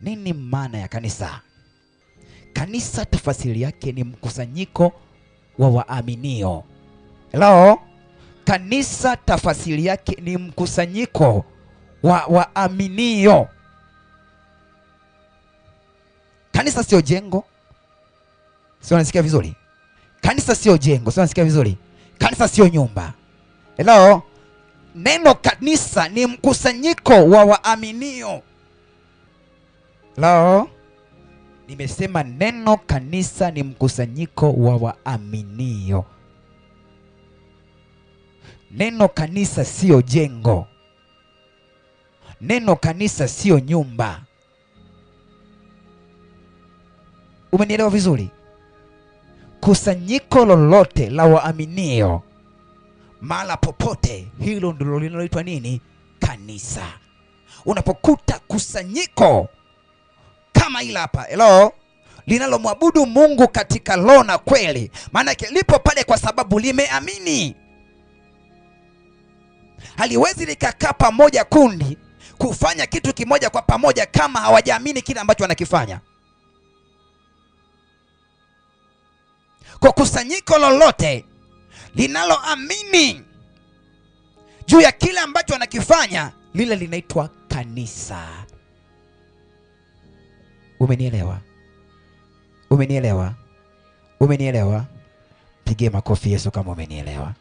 Nini maana ya kanisa? Kanisa tafasiri yake ni mkusanyiko wa waaminio. Hello? Kanisa tafasiri yake ni mkusanyiko wa waaminio. Kanisa sio jengo, sio? Nasikia vizuri? Kanisa sio jengo, sio? Nasikia vizuri? Kanisa sio nyumba. Hello? Neno kanisa ni mkusanyiko wa waaminio lao nimesema neno kanisa ni mkusanyiko wa waaminio. Neno kanisa siyo jengo. Neno kanisa siyo nyumba. Umenielewa vizuri? Kusanyiko lolote la waaminio mahala popote, hilo ndilo linaloitwa nini? Kanisa. Unapokuta kusanyiko kama hili hapa hello, linalomwabudu Mungu katika roho na kweli, maana lipo pale kwa sababu limeamini. Haliwezi likakaa pamoja kundi kufanya kitu kimoja kwa pamoja kama hawajaamini kile ambacho wanakifanya. Kwa kusanyiko lolote linaloamini juu ya kile ambacho wanakifanya, lile linaitwa kanisa. Umenielewa? Umenielewa? Umenielewa? Pige makofi Yesu kama umenielewa.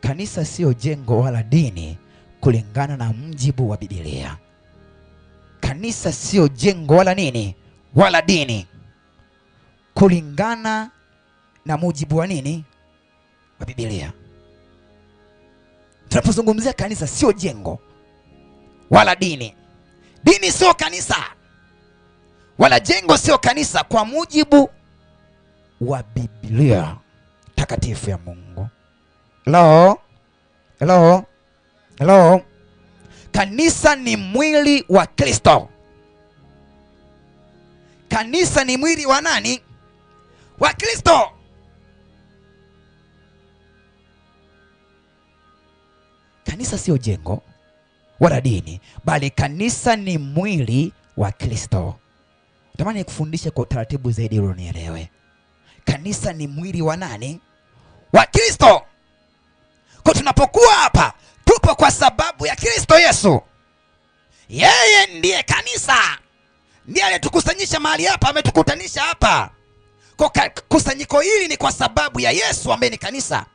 Kanisa sio jengo wala dini kulingana na mjibu wa Biblia. Kanisa sio jengo wala nini wala dini kulingana na mujibu wa nini wa Biblia. Tunapozungumzia kanisa sio jengo wala dini. Dini sio kanisa wala jengo sio kanisa, kwa mujibu wa Biblia takatifu ya Mungu. Hello? Hello? Hello? Kanisa ni mwili wa Kristo. Kanisa ni mwili wa nani? Wa Kristo. Kanisa sio jengo wala dini, bali kanisa ni mwili wa Kristo. Natamani nikufundishe kwa utaratibu zaidi ili unielewe. Kanisa ni mwili wa nani? Wa Kristo. Kwa tunapokuwa hapa tupo kwa sababu ya Kristo Yesu. Yeye ndiye kanisa, ndiye aliyetukusanyisha mahali hapa, ametukutanisha hapa. Kwa kusanyiko hili ni kwa sababu ya Yesu ambaye ni kanisa.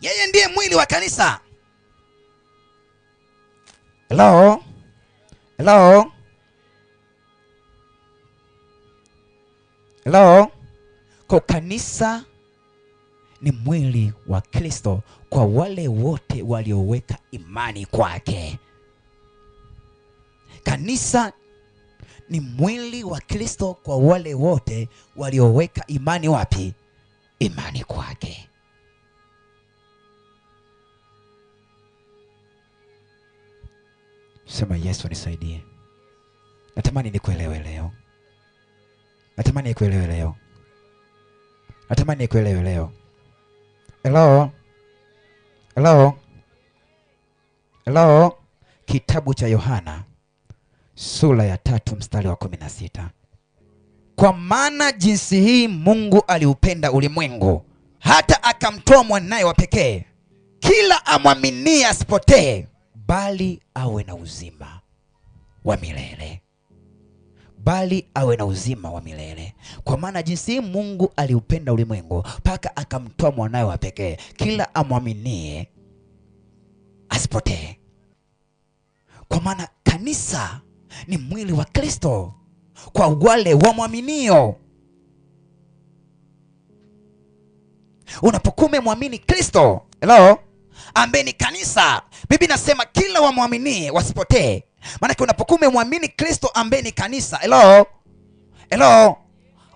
Yeye ndiye mwili wa kanisa. Hello? Hello? Hello? Kwa kanisa ni mwili wa Kristo kwa wale wote walioweka imani kwake. Kanisa ni mwili wa Kristo kwa wale wote walioweka imani wapi? Imani kwake. Sema Yesu nisaidie. Natamani nikuelewe leo. Natamani nikuelewe leo. Natamani nikuelewe leo. Hello. Hello. Hello. Kitabu cha Yohana sura ya tatu mstari wa kumi na sita. Kwa maana jinsi hii Mungu aliupenda ulimwengu hata akamtoa mwanaye wa pekee, kila amwaminie asipotee, bali awe na uzima wa milele bali awe na uzima wa milele. Kwa maana jinsi Mungu aliupenda ulimwengu mpaka akamtoa mwanawe wa pekee, kila amwaminie asipotee. Kwa maana kanisa ni mwili wa Kristo kwa wale wamwaminio. Unapokuwa umemwamini Kristo, hello ambaye ni kanisa. Biblia inasema kila wamwaminie wasipotee. Maanake unapokuwa umemwamini Kristo ambaye ni kanisa, hello hello,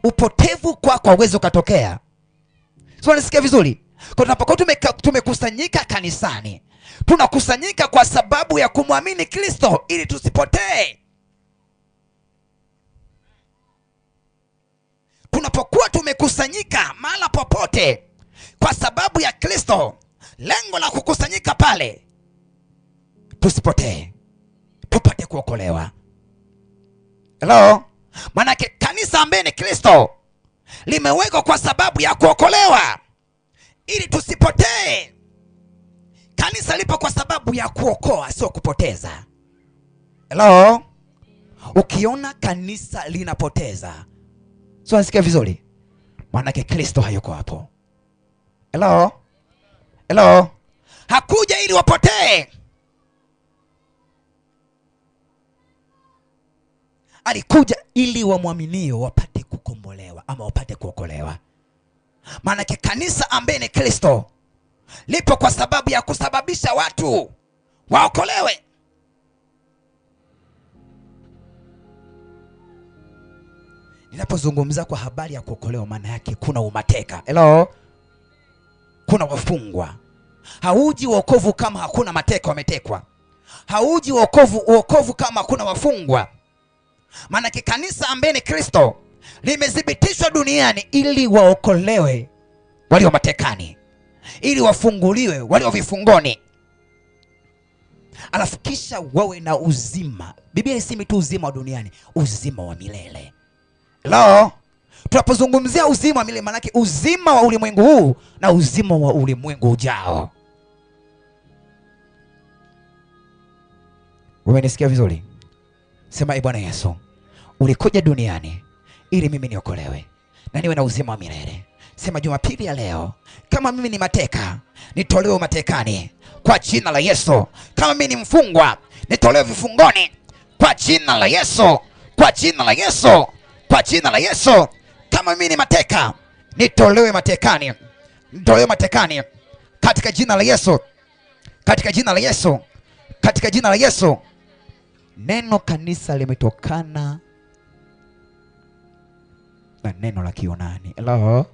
upotevu kwako hauwezi ukatokea. Sio, nisikia vizuri? Kwa tunapokuwa tumekusanyika kanisani, tunakusanyika kwa sababu ya kumwamini Kristo ili tusipotee. Tunapokuwa tumekusanyika mahala popote kwa sababu ya Kristo lengo la kukusanyika pale, tusipotee, tupate kuokolewa. Hello, maanake kanisa ambaye ni Kristo limewekwa kwa sababu ya kuokolewa, ili tusipotee. Kanisa lipo kwa sababu ya kuokoa, sio kupoteza. Hello, ukiona kanisa linapoteza, sio nasikia vizuri, maanake Kristo hayuko hapo. Hello. Hello. Hakuja ili wapotee. Alikuja ili wamwaminio wapate kukombolewa ama wapate kuokolewa. Maanake kanisa ambaye ni Kristo lipo kwa sababu ya kusababisha watu waokolewe. Ninapozungumza kwa habari ya kuokolewa, maana yake kuna umateka. Hello. Kuna wafungwa Hauji wokovu kama hakuna mateka wametekwa, hauji wokovu wokovu kama hakuna wafungwa. Maanake kanisa ambaye ni Kristo limethibitishwa duniani ili waokolewe walio matekani, ili wafunguliwe walio vifungoni, alafu kisha wawe na uzima. Biblia isemi tu uzima wa duniani, uzima wa milele. loo Tunapozungumzia uzima wa milele, maanake uzima wa ulimwengu huu na uzima wa ulimwengu ujao. Umenisikia vizuri? Sema, e Bwana Yesu, ulikuja duniani ili mimi niokolewe na niwe na uzima wa milele. Sema, Jumapili ya leo, kama mimi ni mateka, nitolewe matekani kwa jina la Yesu. Kama mimi ni mfungwa, nitolewe vifungoni kwa jina la Yesu, kwa jina la Yesu, kwa jina la Yesu. Kama mimi ni mateka, nitolewe matekani, nitolewe matekani katika jina la Yesu, katika jina la Yesu, katika jina la Yesu. Neno kanisa limetokana na neno la Kiyunani. Hello.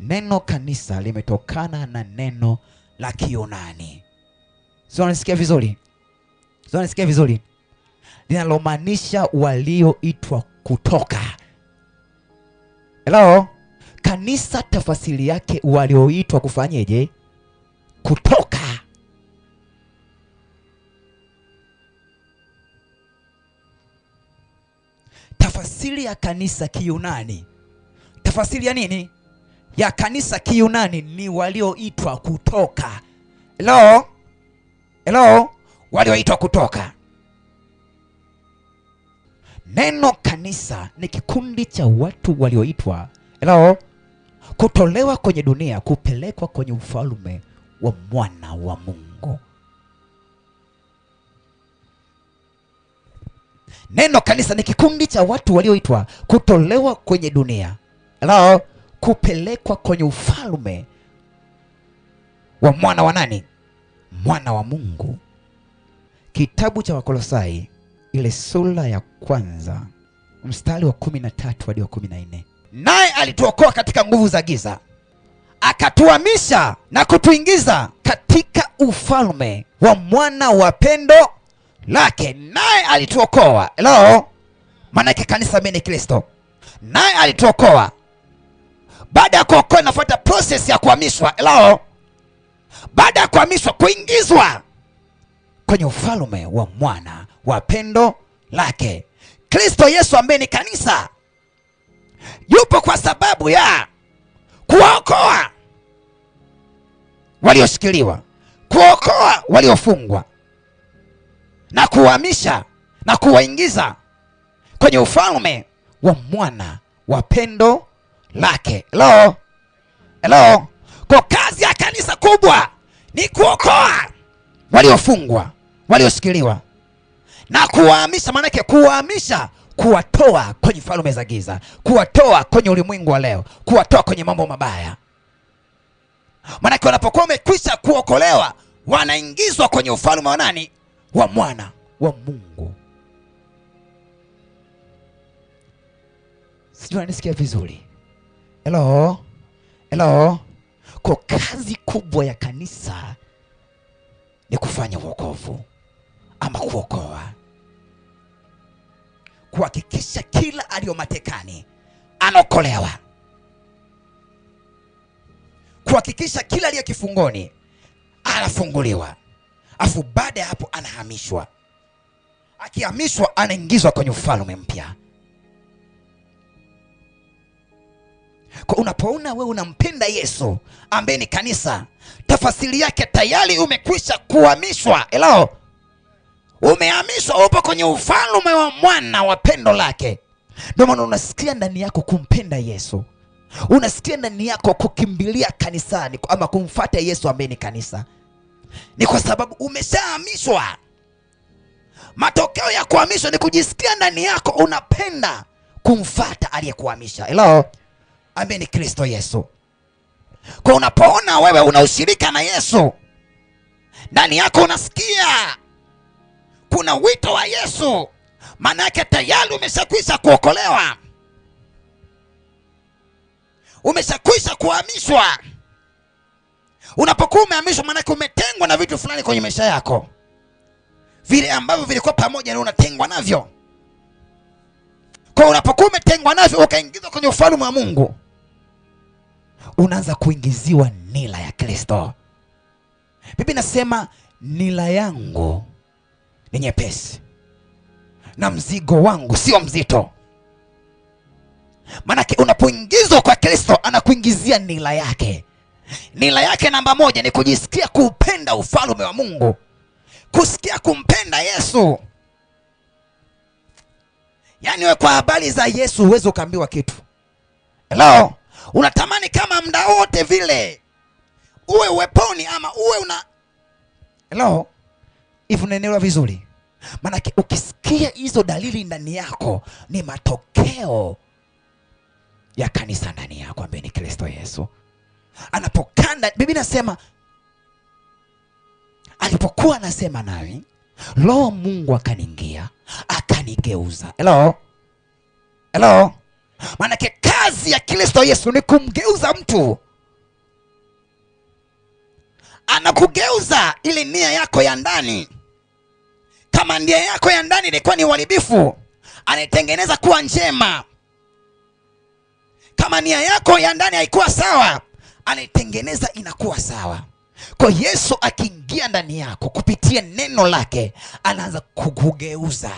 Neno kanisa limetokana na neno la Kiyunani. Sio, unasikia vizuri? Sio, unasikia vizuri? Linalomaanisha walioitwa kutoka Hello? Kanisa tafasiri yake walioitwa kufanyeje? Kutoka. Tafasiri ya kanisa Kiyunani, tafasiri ya nini ya kanisa Kiyunani ni walioitwa kutoka. Hello? Hello? Walioitwa kutoka Neno kanisa ni kikundi cha watu walioitwa Hello? kutolewa kwenye dunia kupelekwa kwenye ufalme wa mwana wa Mungu. Neno kanisa ni kikundi cha watu walioitwa kutolewa kwenye dunia Hello? kupelekwa kwenye ufalme wa mwana wa nani? Mwana wa Mungu. Kitabu cha Wakolosai ile sura ya kwanza mstari wa kumi na tatu hadi wa kumi na nne naye alituokoa katika nguvu za giza akatuhamisha na kutuingiza katika ufalme wa mwana wa pendo lake. Naye alituokoa leo, maanake kanisa mimi ni Kristo. Naye alituokoa. Baada ya kuokoa, inafuata process ya kuhamishwa leo. Baada ya kuhamishwa, kuingizwa kwenye ufalme wa mwana wa pendo lake. Kristo Yesu ambaye ni kanisa yupo kwa sababu ya kuwaokoa walioshikiliwa, kuwaokoa waliofungwa na kuwahamisha na kuwaingiza kwenye ufalme wa mwana wa pendo lake. Hello? Hello? Kwa kazi ya kanisa kubwa ni kuokoa waliofungwa, walioshikiliwa na kuwahamisha. Maanake kuwahamisha kuwatoa kwenye falme za giza, kuwatoa kwenye ulimwengu wa leo, kuwatoa kwenye mambo mabaya. Maanake wanapokuwa wamekwisha kuokolewa, wanaingizwa kwenye ufalme wa nani? Wa mwana wa Mungu. Sijui nanisikia vizuri? Hello, hello. Kwa kazi kubwa ya kanisa ni kufanya uokovu ama kuokoa kuhakikisha kila aliyo matekani anaokolewa, kuhakikisha kila aliye kifungoni anafunguliwa, afu baada ya hapo anahamishwa. Akihamishwa anaingizwa kwenye ufalme mpya. Kwa unapoona wewe unampenda Yesu ambaye ni kanisa, tafasiri yake tayari umekwisha kuhamishwa elao umehamishwa, upo kwenye ufalme wa mwana wa pendo lake. Ndio maana unasikia ndani yako kumpenda Yesu, unasikia ndani yako kukimbilia kanisani ama kumfuata Yesu ambaye ni kanisa, ni kwa sababu umeshahamishwa. Matokeo ya kuhamishwa ni kujisikia ndani yako unapenda kumfuata aliyekuhamisha. Hello, ambaye ni Kristo Yesu. Kwa unapoona wewe unaushirika na Yesu, ndani yako unasikia kuna wito wa Yesu, maana yake tayari umeshakwisha kuokolewa, umeshakwisha kuhamishwa. Unapokuwa umehamishwa, yake umetengwa na vitu fulani kwenye maisha yako, vile ambavyo vilikuwa pamoja na unatengwa navyo. Kwa unapokuwa umetengwa navyo ukaingizwa kwenye ufalme wa Mungu, unaanza kuingiziwa nila ya Kristo. Biblia nasema nila yangu ni nyepesi na mzigo wangu sio mzito. Maanake unapoingizwa kwa Kristo anakuingizia nila yake. Nila yake namba moja ni kujisikia kuupenda ufalme wa Mungu, kusikia kumpenda Yesu. Yaani we kwa habari za Yesu huwezi ukaambiwa kitu. helo unatamani kama mda wote vile uwe uweponi ama uwe una Hello hivi unaelewa vizuri? Maanake ukisikia hizo dalili ndani yako ni matokeo ya kanisa ndani yako ambaye ni Kristo Yesu. Anapokanda Biblia nasema alipokuwa anasema nani Roho Mungu akaningia akanigeuza. Hello? Hello? Maanake kazi ya Kristo Yesu ni kumgeuza mtu, anakugeuza ili nia yako ya ndani tamandia yako ya ndani ilikuwa ni uharibifu, anaitengeneza kuwa njema. Kama nia yako ya ndani haikuwa sawa, anaitengeneza inakuwa sawa. Kwa Yesu akiingia ndani yako kupitia neno lake, anaanza kugeuza.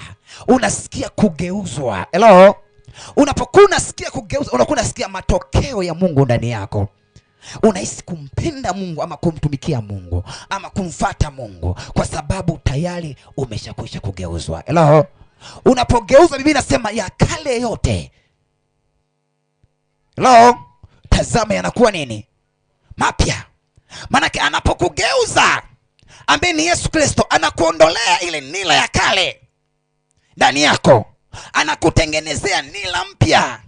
Unasikia kugeuzwa. Hello, unapokuwa unasikia kugeuzwa, unakuwa unasikia matokeo ya Mungu ndani yako unahisi kumpenda Mungu ama kumtumikia Mungu ama kumfata Mungu kwa sababu tayari umeshakwisha kugeuzwa. Hello. Unapogeuza bibi inasema ya kale yote. Hello. Tazama yanakuwa nini? Mapya. Maanake anapokugeuza ambaye ni Yesu Kristo anakuondolea ile nila ya kale ndani yako, anakutengenezea nila mpya.